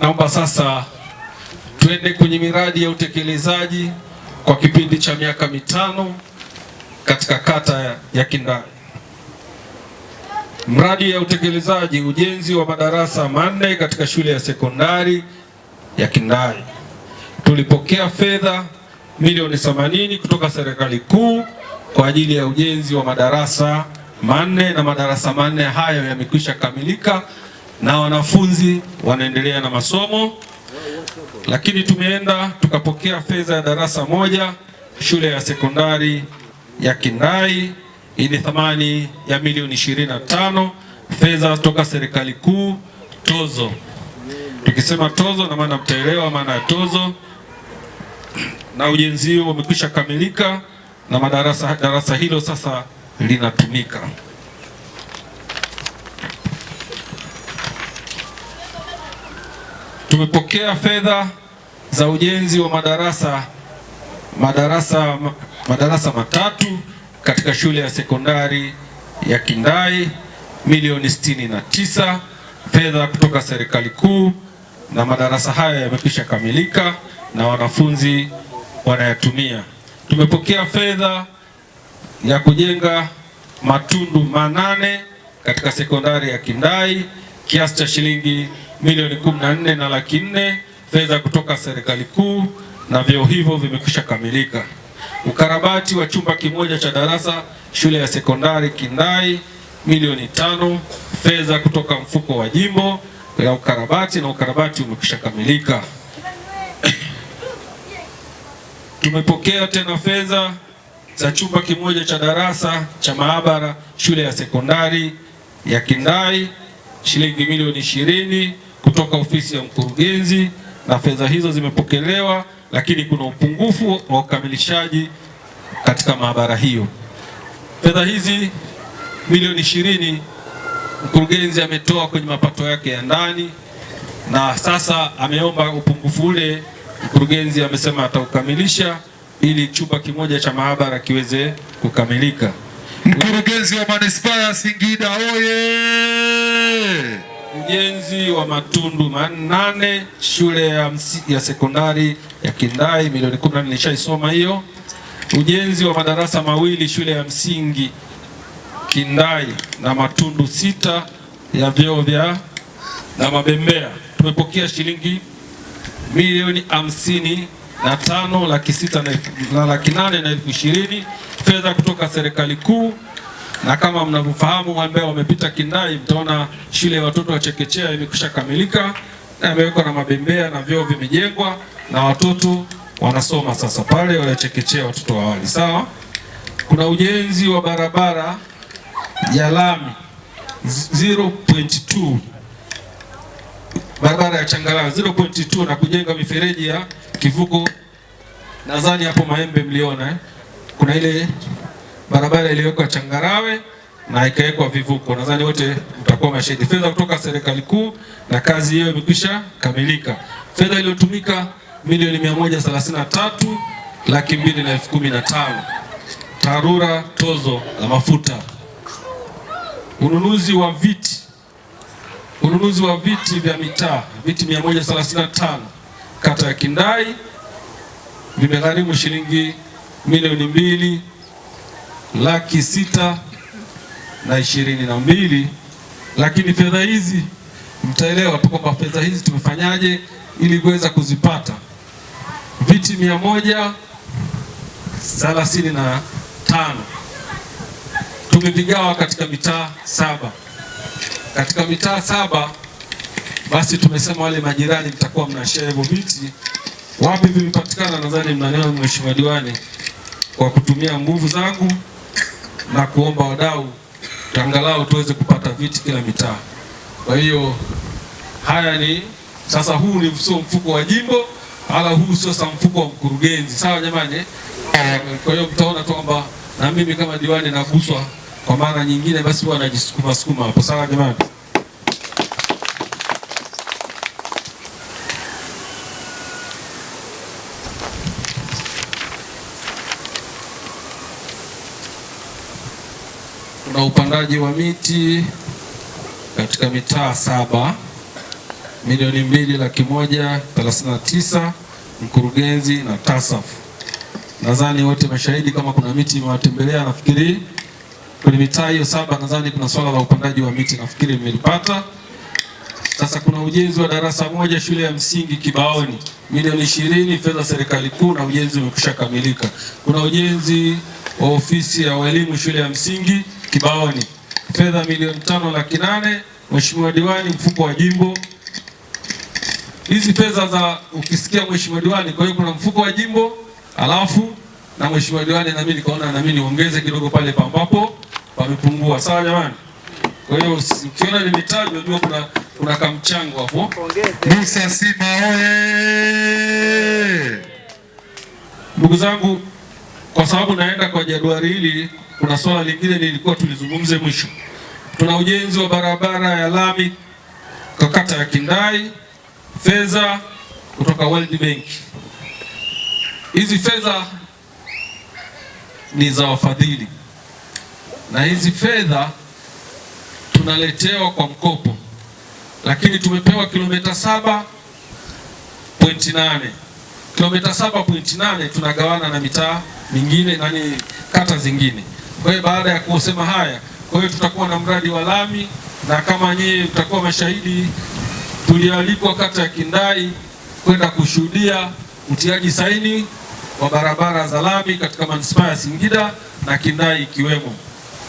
Naomba sasa tuende kwenye miradi ya utekelezaji kwa kipindi cha miaka mitano katika kata ya Kindai. Mradi ya utekelezaji ujenzi wa madarasa manne katika shule ya sekondari ya Kindai. Tulipokea fedha milioni 80 kutoka serikali kuu kwa ajili ya ujenzi wa madarasa manne na madarasa manne hayo yamekwisha kamilika na wanafunzi wanaendelea na masomo, lakini tumeenda tukapokea fedha ya darasa moja shule ya sekondari ya Kindai yenye thamani ya milioni 25 fedha toka serikali kuu tozo. Tukisema tozo na maana mtaelewa maana ya tozo, na ujenzi huo umekwisha kamilika na madarasa darasa hilo sasa linatumika. tumepokea fedha za ujenzi wa madarasa madarasa madarasa matatu katika shule ya sekondari ya Kindai milioni tisa fedha kutoka serikali kuu, na madarasa haya yamekwisha kamilika na wanafunzi wanayatumia. Tumepokea fedha ya kujenga matundu manane katika sekondari ya Kindai kiasi cha shilingi milioni 14 na laki nne fedha kutoka serikali kuu na vyoo hivyo vimekwisha kamilika. Ukarabati wa chumba kimoja cha darasa shule ya sekondari Kindai milioni tano fedha kutoka mfuko wa jimbo ya ukarabati na ukarabati umekwisha kamilika. Tumepokea tena fedha za chumba kimoja cha darasa cha maabara shule ya sekondari ya Kindai shilingi milioni ishirini kutoka ofisi ya mkurugenzi na fedha hizo zimepokelewa, lakini kuna upungufu wa ukamilishaji katika maabara hiyo. Fedha hizi milioni ishirini mkurugenzi ametoa kwenye mapato yake ya ndani, na sasa ameomba upungufu ule, mkurugenzi amesema ataukamilisha ili chumba kimoja cha maabara kiweze kukamilika. Mkurugenzi wa manispaa ya Singida oye! ujenzi wa matundu manane shule ya, ya sekondari ya Kindai milioni 14, nishaisoma hiyo. Ujenzi wa madarasa mawili shule ya msingi Kindai na matundu sita ya vyoo vya na mabembea tumepokea shilingi milioni hamsini na tano laki sita na laki nane na elfu ishirini fedha kutoka serikali kuu na kama mnavyofahamu ambao wamepita Kindai, mtaona shule ya watoto wa chekechea imekwisha kamilika na imewekwa na mabembea na vyoo vimejengwa na watoto wanasoma sasa pale, wale chekechea watoto wa awali. Sawa, kuna ujenzi wa barabara ya lami 0.2 barabara ya changala 0.2 na kujenga mifereji ya kivuko. Nadhani hapo Maembe mliona eh? kuna ile barabara iliyowekwa changarawe na ikawekwa vivuko. Nadhani wote mtakuwa mashahidi. Fedha kutoka serikali kuu na kazi hiyo imekwisha kamilika. Fedha iliyotumika milioni 133 laki mbili na elfu kumi na tano. TARURA tozo la mafuta. Ununuzi wa viti, ununuzi wa viti vya mitaa viti 135 kata ya Kindai vimegharimu shilingi milioni mbili laki sita na ishirini na mbili, lakini fedha hizi mtaelewa tu kwamba fedha hizi tumefanyaje ili kuweza kuzipata viti mia moja thelathini na tano tumevigawa katika mitaa saba. Katika mitaa saba, basi tumesema wale majirani mtakuwa mnashea hivyo viti. Wapi vimepatikana? Nadhani mnanewa Mheshimiwa Diwani, kwa kutumia nguvu zangu na kuomba wadau angalau tuweze kupata viti kila mitaa. Kwa hiyo haya ni sasa, huu ni sio mfuko wa jimbo wala huu sio sa mfuko wa mkurugenzi, sawa jamani. Kwa hiyo mtaona tu kwamba na mimi kama diwani naguswa kwa maana nyingine, basi huwa najisukuma sukuma hapo, sawa jamani. na upandaji wa miti katika mitaa saba milioni mbili laki moja thelathini na tisa mkurugenzi na TASAF. Nadhani wote mashahidi, kama kuna miti imewatembelea. Nafikiri kwenye mitaa hiyo saba, nadhani kuna swala la upandaji wa miti, nafikiri mmelipata. Sasa kuna ujenzi wa darasa moja shule ya msingi Kibaoni, milioni ishirini fedha serikali kuu, na ujenzi umekwisha kamilika. Kuna ujenzi wa ofisi ya walimu shule ya msingi kibaoni, fedha milioni tano laki nane Mheshimiwa Diwani, mfuko wa jimbo. Hizi fedha za ukisikia Mheshimiwa Diwani, kwa hiyo kuna mfuko wa jimbo alafu na Mheshimiwa Diwani, nami nikaona nami niongeze kidogo pale pambapo pamepungua. Sawa jamani, kwa hiyo ukiona nimetajwa unajua kuna kuna kamchango hapo. Musa Sima oye! Ndugu zangu kwa sababu naenda kwa jadwali hili, kuna swala lingine nilikuwa tulizungumze mwisho. Tuna ujenzi wa barabara ya lami kwa kata ya Kindai, fedha kutoka World Bank. Hizi fedha ni za wafadhili, na hizi fedha tunaletewa kwa mkopo, lakini tumepewa kilomita saba pointi nane kilomita saba pointi nane tunagawana na mitaa mingine nani, kata zingine. Kwa hiyo baada ya kusema haya, kwa hiyo tutakuwa na mradi wa lami, na kama nyie mtakuwa mashahidi, tulialikwa kata ya Kindai kwenda kushuhudia utiaji saini wa barabara za lami katika manispaa ya Singida na Kindai ikiwemo.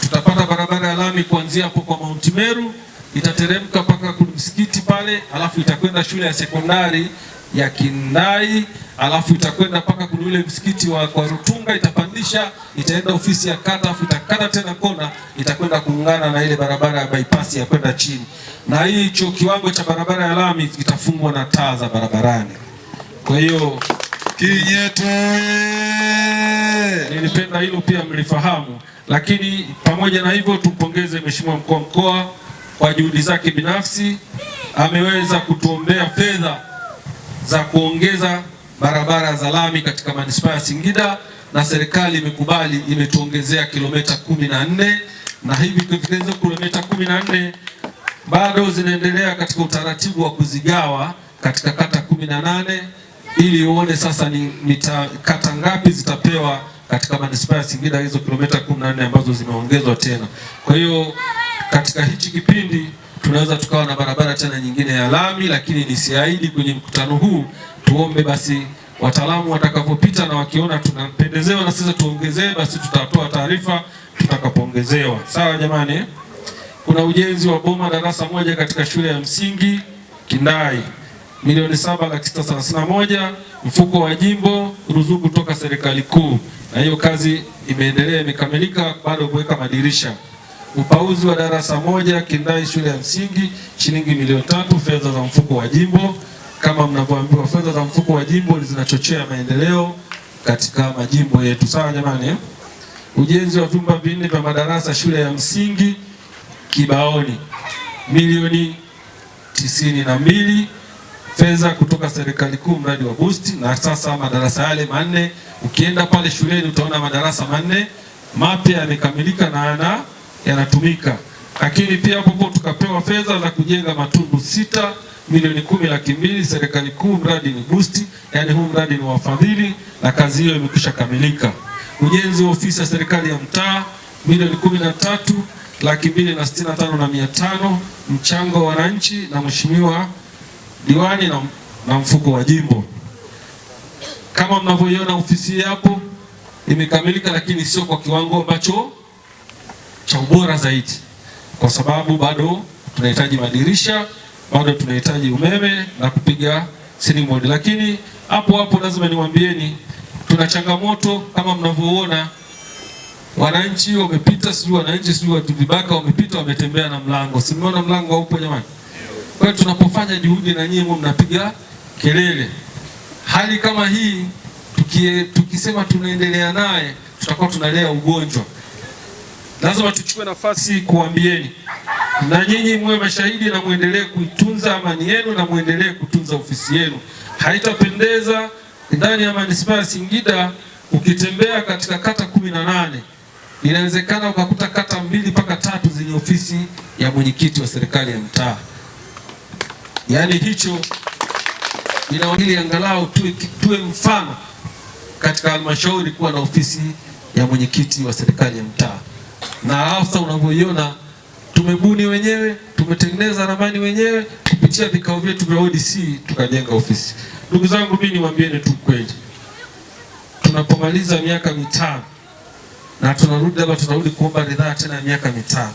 Tutapata barabara ya lami kuanzia hapo kwa Mount Meru itateremka mpaka kwa msikiti pale, alafu itakwenda shule ya sekondari ya Kindai alafu itakwenda mpaka kuna ule msikiti wa kwa Rutunga, itapandisha itaenda ofisi ya kata, alafu itakata tena kona, itakwenda kuungana na ile barabara ya bypass ya kwenda chini, na hii hicho kiwango cha barabara ya lami kitafungwa na taa za barabarani. Kwa hiyo Kinyeto, nilipenda hilo pia mlifahamu, lakini pamoja na hivyo tumpongeze Mheshimiwa mkuu wa mkoa kwa juhudi zake binafsi, ameweza kutuombea fedha za kuongeza barabara za lami katika manispaa ya Singida na serikali imekubali, imetuongezea kilomita kumi na nne na hivi hizo kilomita kumi na nne bado zinaendelea katika utaratibu wa kuzigawa katika kata kumi na nane ili uone sasa ni mita, kata ngapi zitapewa katika manispaa ya Singida hizo kilomita 14 ambazo zimeongezwa tena. Kwa hiyo katika hichi kipindi tunaweza tukawa na barabara tena nyingine ya lami, lakini nisiahidi kwenye mkutano huu. Tuombe basi wataalamu watakapopita na wakiona tunapendezewa na sisi tuongezee, basi tutatoa taarifa tutakapoongezewa. Sawa jamani. Eh? Kuna ujenzi wa boma darasa moja katika shule ya msingi Kindai milioni saba laki sita thelathini na moja mfuko wa jimbo, ruzuku toka serikali kuu, na hiyo kazi imeendelea imekamilika, bado kuweka madirisha Upauzi wa darasa moja kindai shule ya msingi shilingi milioni tatu, fedha za mfuko wa jimbo. Kama mnavyoambiwa, fedha za mfuko wa jimbo zinachochea maendeleo katika majimbo yetu, sawa jamani. Eh? Ujenzi wa vyumba vinne vya madarasa shule ya msingi Kibaoni milioni tisini na mbili fedha kutoka serikali kuu, mradi wa boost. Na sasa madarasa yale manne, ukienda pale shuleni utaona madarasa manne mapya yamekamilika na ana yanatumika, lakini pia popo tukapewa fedha za kujenga matundu sita milioni kumi laki mbili serikali kuu, mradi ni busti, yani huu mradi ni wafadhili na kazi hiyo imekwisha kamilika. Ujenzi wa ofisi ya serikali ya mtaa milioni kumi na tatu laki mbili na sitini na tano na mia tano mchango wa wananchi na mheshimiwa diwani na, na mfuko wa jimbo. Kama mnavyoiona ofisi hapo imekamilika, lakini sio kwa kiwango ambacho cha ubora zaidi, kwa sababu bado tunahitaji madirisha, bado tunahitaji umeme na kupiga silimodi. Lakini hapo hapo lazima niwaambieni, tuna changamoto kama mnavyoona, wananchi wamepita, sijui wananchi sijui watu vibaka wamepita, wametembea na mlango, simeona mlango haupo jamani? Kwa hiyo tunapofanya juhudi na nyinyi mnapiga kelele, hali kama hii tukie, tukisema tunaendelea naye tutakuwa tunalea ugonjwa lazima tuchukue nafasi kuambieni, na nyinyi mwe mashahidi, na muendelee kuitunza amani yenu na muendelee kutunza ofisi yenu. Haitapendeza ndani ya manispaa ya Singida ukitembea katika kata kumi na nane inawezekana ukakuta kata mbili mpaka tatu zenye ofisi ya mwenyekiti wa serikali ya mtaa. Yaani hicho inaili angalau tuwe, tuwe mfano katika halmashauri kuwa na ofisi ya mwenyekiti wa serikali ya mtaa na Afsa unavyoiona tumebuni wenyewe, tumetengeneza ramani wenyewe kupitia vikao vyetu vya ODC tukajenga ofisi. Ndugu zangu, mimi niwaambieni tu kweli, tunapomaliza miaka mitano na tunarudi labda tunarudi kuomba ridhaa tena ya miaka mitano,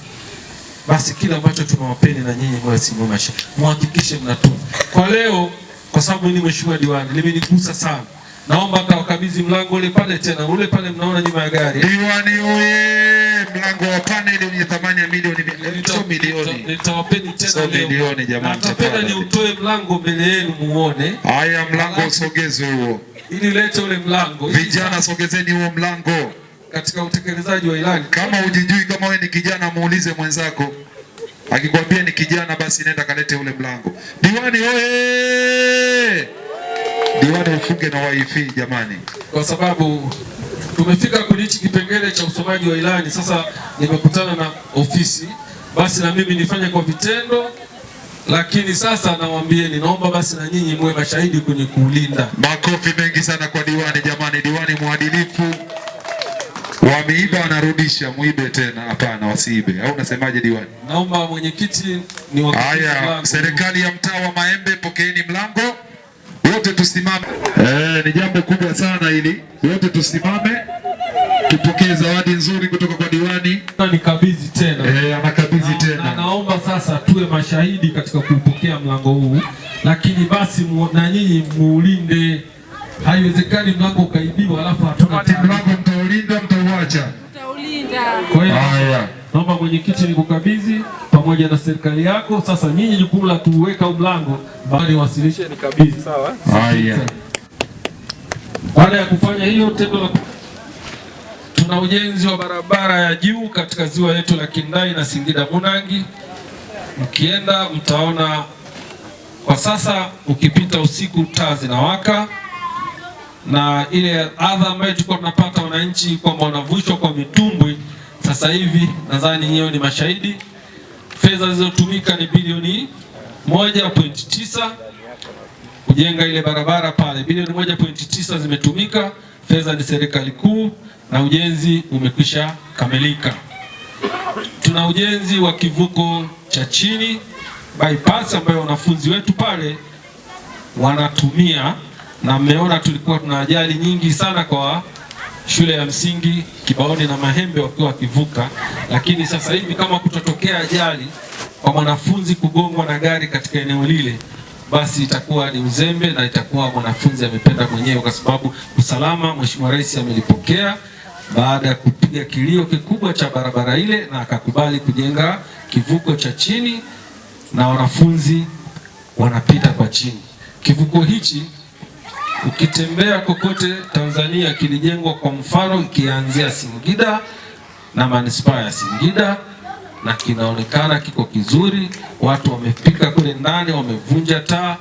basi kila ambacho tumewapeni na nyinyi mwasimash muhakikishe mnatoa kwa leo, kwa sababu ni mheshimiwa diwani limenigusa sana. Naomba mtawakabidhi mlango ule pale tena, ule pale mnaona nyuma ya gari. Diwani oye! Mlango wa paneli wenye thamani ya milioni 100 milioni. Nitawapeni tena milioni jamani, nitapenda ni utoe mlango mbele yenu muone. Haya, mlango usogeze huo. Ili lete ule mlango. Vijana sogezeni huo mlango. Katika utekelezaji wa ilani. Kama hujijui kama wewe ni kijana, muulize mwenzako. Akikwambia ni kijana, basi nenda kalete ule mlango. Diwani oye! Diwani Chimge na WIF jamani, kwa sababu tumefika kwenye hichi kipengele cha usomaji wa ilani. Sasa nimekutana na ofisi, basi na mimi nifanye kwa vitendo, lakini sasa nawaambieni, naomba basi na nyinyi muwe mashahidi kwenye kuulinda Makofi mengi sana kwa diwani jamani, diwani mwadilifu. Wameiba wanarudisha, muibe tena? Hapana, wasiibe. Au unasemaje diwani? Naomba mwenyekiti, ni haya, serikali ya mtaa wa Maembe, pokeeni mlango wote tusimame. Eh, ni jambo kubwa sana hili, wote tusimame tupokee zawadi nzuri kutoka kwa diwani. Nikabidhi tena eh, anakabidhi tena na, naomba sasa tuwe mashahidi katika kuupokea mlango huu, lakini basi na nyinyi muulinde. Haiwezekani mlango ukaibiwa, alafu hatuna mlango. Mtaulinda mtauacha? Mtaulinda. Haya naomba mwenyekiti nikukabidhi pamoja na serikali yako. Sasa nyinyi jukumu la kuweka mlango, niwasilishe nikabidhi, sawa? Haya, baada ya kufanya hiyo tendo la tuna ujenzi wa barabara ya juu katika ziwa letu la Kindai na Singida Munangi. Mkienda mtaona kwa sasa, ukipita usiku taa zinawaka, na ile adha ambayo tulikuwa tunapata wananchi kwamba wanavushwa kwa mitumbwi sasa hivi nadhani hiyo ni mashahidi. Fedha zilizotumika ni bilioni 1.9 kujenga ile barabara pale, bilioni 1.9 zimetumika, fedha ni serikali kuu na ujenzi umekwisha kamilika. Tuna ujenzi wa kivuko cha chini bypass ambayo wanafunzi wetu pale wanatumia, na mmeona tulikuwa tuna ajali nyingi sana kwa shule ya msingi Kibaoni na Mahembe wakiwa wakivuka, lakini sasa hivi kama kutotokea ajali kwa mwanafunzi kugongwa na gari katika eneo lile, basi itakuwa ni uzembe na itakuwa mwanafunzi amependa mwenyewe, kwa sababu usalama, Mheshimiwa Rais amelipokea baada ya kupiga kilio kikubwa cha barabara ile, na akakubali kujenga kivuko cha chini na wanafunzi wanapita kwa chini. Kivuko hichi Ukitembea kokote Tanzania, kilijengwa kwa mfano, ikianzia Singida na manispaa ya Singida, na kinaonekana kiko kizuri. Watu wamepika kule ndani, wamevunja taa,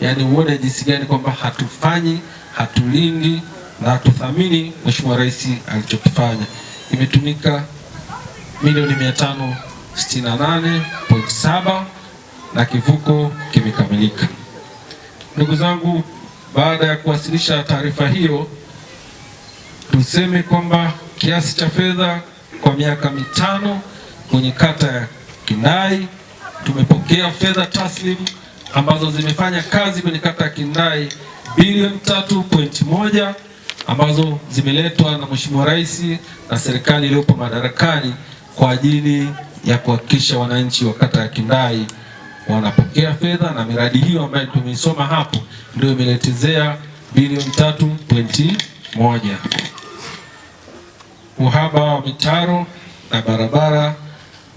yani uone jinsi gani kwamba hatufanyi, hatulindi na hatuthamini Mheshimiwa Rais alichokifanya. Imetumika milioni 568.7 na kivuko kimekamilika. Ndugu zangu baada ya kuwasilisha taarifa hiyo, tuseme kwamba kiasi cha fedha kwa miaka mitano kwenye kata ya Kindai tumepokea fedha taslim ambazo zimefanya kazi kwenye kata ya Kindai bilioni 3.1 ambazo zimeletwa na Mheshimiwa Rais na serikali iliyopo madarakani kwa ajili ya kuhakikisha wananchi wa kata ya Kindai wanapokea fedha na miradi hiyo ambayo tumeisoma hapo ndio imeletezea bilioni tatu pointi moja. Uhaba wa mitaro na barabara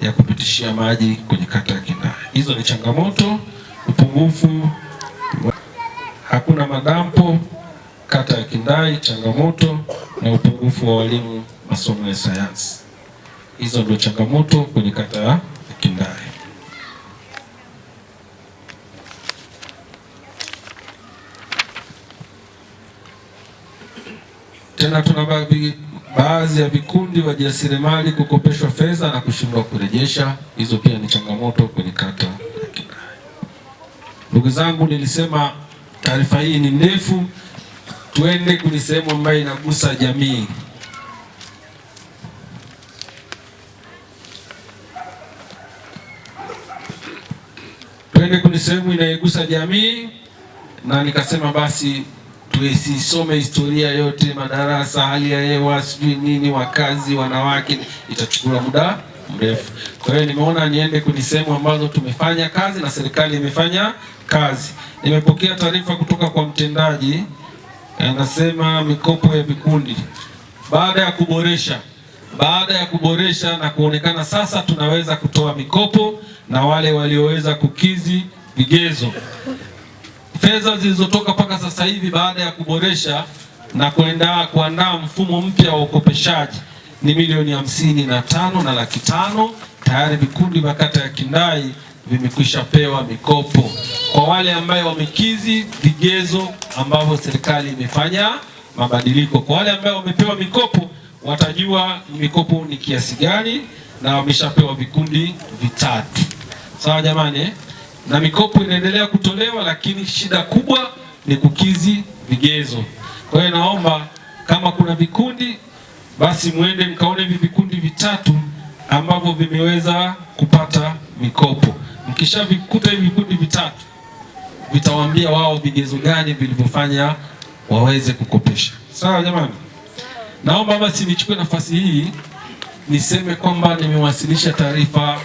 ya kupitishia maji kwenye kata ya Kindai, hizo ni changamoto. Upungufu, hakuna madampo kata ya Kindai, changamoto na upungufu wa walimu masomo ya sayansi, hizo ndio changamoto kwenye kata ya Kindai. tena tunaba baadhi ya vikundi wajasiriamali kukopeshwa fedha na kushindwa kurejesha. Hizo pia ni changamoto kwenye kata Ndugu zangu, nilisema taarifa hii ni ndefu, tuende kwenye sehemu ambayo inagusa jamii. Tuende kwenye sehemu inayogusa jamii, na nikasema basi tuisisome historia yote, madarasa, hali ya hewa, sijui nini, wakazi, wanawake, itachukua muda mrefu. Kwa hiyo nimeona niende kwenye sehemu ambazo tumefanya kazi na serikali imefanya kazi. Nimepokea taarifa kutoka kwa mtendaji, eh, anasema mikopo ya vikundi baada ya kuboresha baada ya kuboresha na kuonekana sasa tunaweza kutoa mikopo na wale walioweza kukizi vigezo Fedha zilizotoka mpaka sasa hivi baada ya kuboresha na kuenda kuandaa mfumo mpya wa ukopeshaji ni milioni hamsini na tano na laki tano. Tayari vikundi vya kata ya Kindai vimekwisha pewa mikopo. Kwa wale ambao wamekizi vigezo ambavyo serikali imefanya mabadiliko, kwa wale ambao wamepewa mikopo watajua mikopo ni kiasi gani, na wameshapewa vikundi vitatu. Sawa jamani na mikopo inaendelea kutolewa, lakini shida kubwa ni kukizi vigezo. Kwa hiyo naomba kama kuna vikundi basi muende mkaone hivi vikundi vitatu ambavyo vimeweza kupata mikopo. Mkishavikuta hivi vikundi vitatu, vitawaambia wao vigezo gani vilivyofanya waweze kukopesha. Sawa jamani, naomba basi nichukue nafasi hii niseme kwamba nimewasilisha taarifa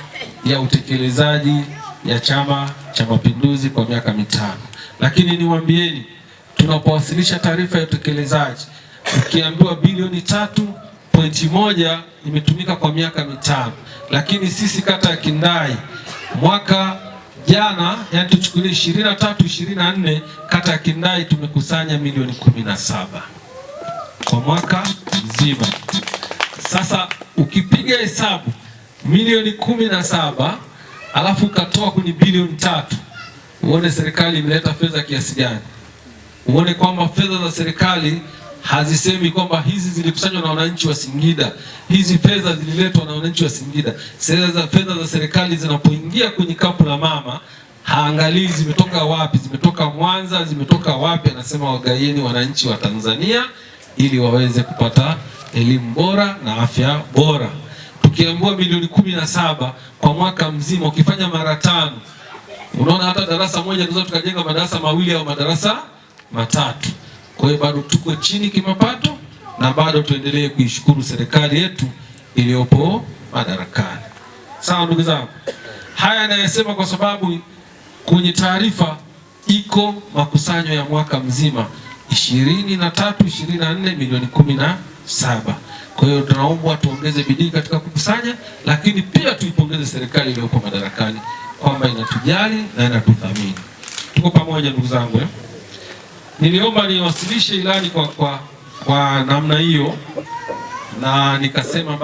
ya utekelezaji ya Chama cha Mapinduzi kwa miaka mitano. Lakini niwaambieni, tunapowasilisha taarifa ya utekelezaji, ukiambiwa bilioni tatu pointi moja imetumika kwa miaka mitano, lakini sisi kata ya Kindai mwaka jana, yani tuchukulie 23 24, kata ya Kindai tumekusanya milioni 17 kwa mwaka mzima. Sasa ukipiga hesabu milioni 17 alafu ukatoa kwenye bilioni tatu, uone serikali imeleta fedha kiasi gani. Uone kwamba fedha za serikali hazisemi kwamba hizi zilikusanywa na wananchi wa Singida, hizi fedha zililetwa na wananchi wa Singida. Fedha za serikali zinapoingia kwenye kapu la mama haangalii zimetoka wapi, zimetoka Mwanza, zimetoka wapi. Anasema wagaieni wananchi wa Tanzania ili waweze kupata elimu bora na afya bora ukiambiwa milioni kumi na saba kwa mwaka mzima, ukifanya mara tano, unaona hata darasa moja tunaweza tukajenga madarasa mawili au madarasa matatu. Kwa hiyo bado tuko chini kimapato na bado tuendelee kuishukuru serikali yetu iliyopo madarakani. Sawa ndugu zangu, haya anayesema kwa sababu kwenye taarifa iko makusanyo ya mwaka mzima 23 24 milioni 17. Kwa hiyo tunaomba tuongeze bidii katika kukusanya, lakini pia tuipongeze serikali iliyoko madarakani kwamba inatujali na inatuthamini. Tuko pamoja ndugu zangu eh? Niliomba niwasilishe ilani kwa, kwa, kwa namna hiyo na nikasema basi